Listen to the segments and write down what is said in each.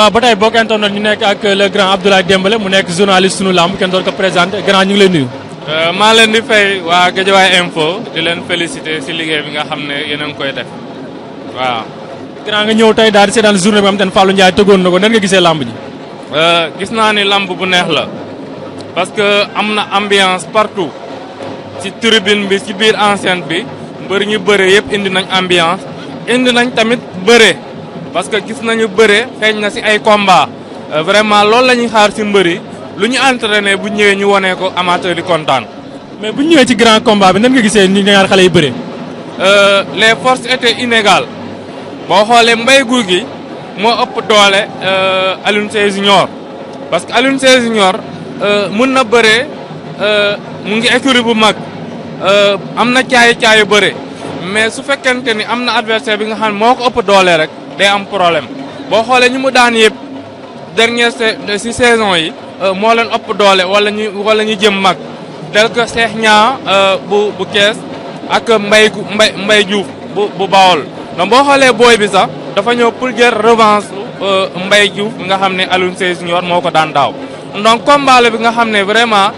waaw ba tey boo ko intoon ñu nekk ak le grand Abdoulaye Dembélé mu nekk journaliste sunu lamb kenn doon ko présenté grand ñu ngi lay nuyu. Euh, maa leen di fay waa Guédiawaye info di leen félicité si liggéey bi nga xam ne yéen a koy def waaw. grand nga ñëw tey daal di seetaan journée bi nga xam ne Fallou Ndiaye tëggoon na ko nan nga gisee lamb ji. Euh, gis naa ni lamb bu neex la parce que am na ambiance partout ci tribune bi ci biir enceinte bi mbër ñu bëre yëpp indi nañ ambiance indi nañ tamit bëre. parce que gis nañu bëre xeeñ na si ay combat euh, vraiment loolu la ñuy xaar si mbër lu ñu entraîné bu ñëwee ñu wonee ko amateur yi kontaan. mais bu ñu ñëwee ci grand combat bi nan nga gisee ni ñaar xale yi bëre. Euh, les forces étaient inégales boo xoolee mbay guy gi moo ëpp doole euh, Alioune Sèye Junior parce que Alioune Sèye Junior mun na bëree mu ngi écurie bu mag am na caayu caayu bëre mais su fekkente ni am na adversaire bi nga xam ne moo ko ëpp doole rek. day am problème boo xoolee ñu mu daan yëpp dernière si saison yi euh, moo leen ëpp doole wala ñu wala ñu jëm mag tel que Cheikh Niang euh, bu bu kees ak Mbaye Mbaye Mbaye Diouf bu bu Bawol donc boo xoolee booy bi sax dafa ñëw pour jël revanche euh, mbay Diouf nga xam ne Alioune Sèye Junior moo ko daan daaw donc combat la bi nga xam ne vraiment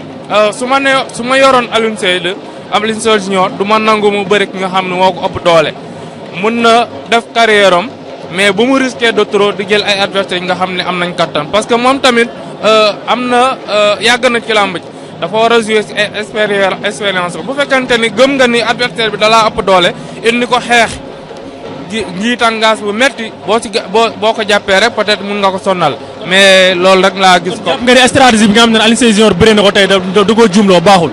su ma ne su ma yoroon Alioune Sèye de Alioune Sèye Junior du ma nangu mu bëri ki nga xam ne moo ko ëpp doole mun na def carrière mais bu mu risqué de trop di jël ay adversaires yi nga xam ne am nañ kattan parce que moom tamit euh, am na euh, yàgg na ci làmb ji dafa war a jouer ci expérience bu fekkente ni gëm nga ni adversaire bi dalaa ëpp doole indi ko xeex ngi tàngaas bu metti boo ci boo boo ko jàppee rek peut-être mun nga ko sonnal mais loolu rek laa gis ko. nga ne stratégie bi nga xam ne Alioune Sèye Junior bëri na ko tey da da koo jumloo baaxul.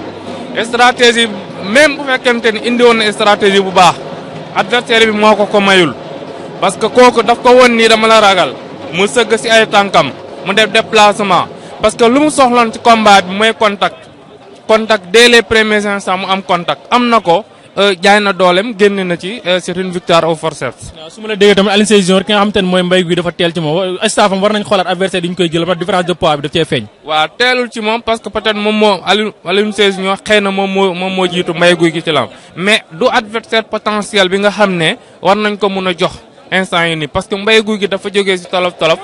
stratégie même bu fekkente ni indi woon na stratégie bu baax adversaire bi moo ko ko mayul. parce que kooku daf ko woon nii dama la ragal mu sëgg si ay tànkam mu def déplacement parce que lu mu soxloon ci combat bi mooy contact contact dès les premiers instants mu am contact am na ko euh, jaay na dooleem génn na ci euh, c'est une victoire au forceps. waaw su ma la déggee tamit Alioune Sèye Junior nga xam te mooy mbay gi dafa teel ci moom euh, staffam war nañ xoolaat adversaire yi ñu koy jël ba différence de poids bi daf cee feeñ. waaw teelul ci moom parce que peut-être moom moo Alioune Alioune Sèye moo moo jiitu mbay guy gi ci lam mais du adversaire bi nga xam ne war nañ ko mun a jox. instant yi nii parce que mbay guy gi dafa jógee si tolof tolof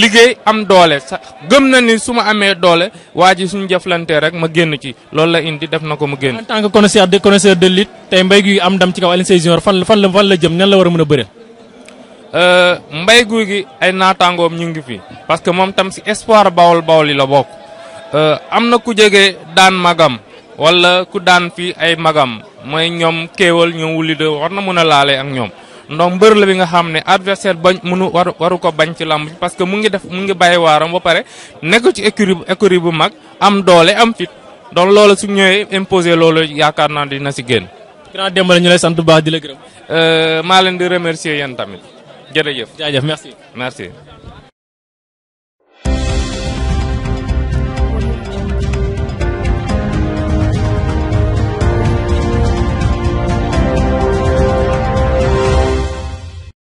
liggéey am doole sax gëm na ni su ma amee doole waa ji suñu jëflante rek ma génn ci loolu la indi def na ko mu génn. tant que connaisseur de connaisseur de lutte tey mbay guy am ndam ci kaw Alioune Seye fan la fan la fan la jëm nan la a mën a bëre. Euh, mbay gi ay naataangoom ñu ngi fi parce que moom tam si espoir bawol bawol yi la bokk. Euh, am na ku jógee daan magam wala ku daan fi ay magam mooy ñoom kéewal ñoom wuli de war na mën a laale ak ñoom. ndox mbër la bi nga xam ne adversaire bañ mënu waru waru ko bañ ci lamb parce que mu ngi def mu ngi bàyyi waaram ba pare nekk ci écurie écurie bu mag am doole am fit donc loolu su ñëwee imposé loolu yaakaar naa dina si génn. grand Demba ñu lay sant bu baax di la gërëm. Euh, maa leen di remercier yéen tamit jërëjëf. jaajëf merci. merci.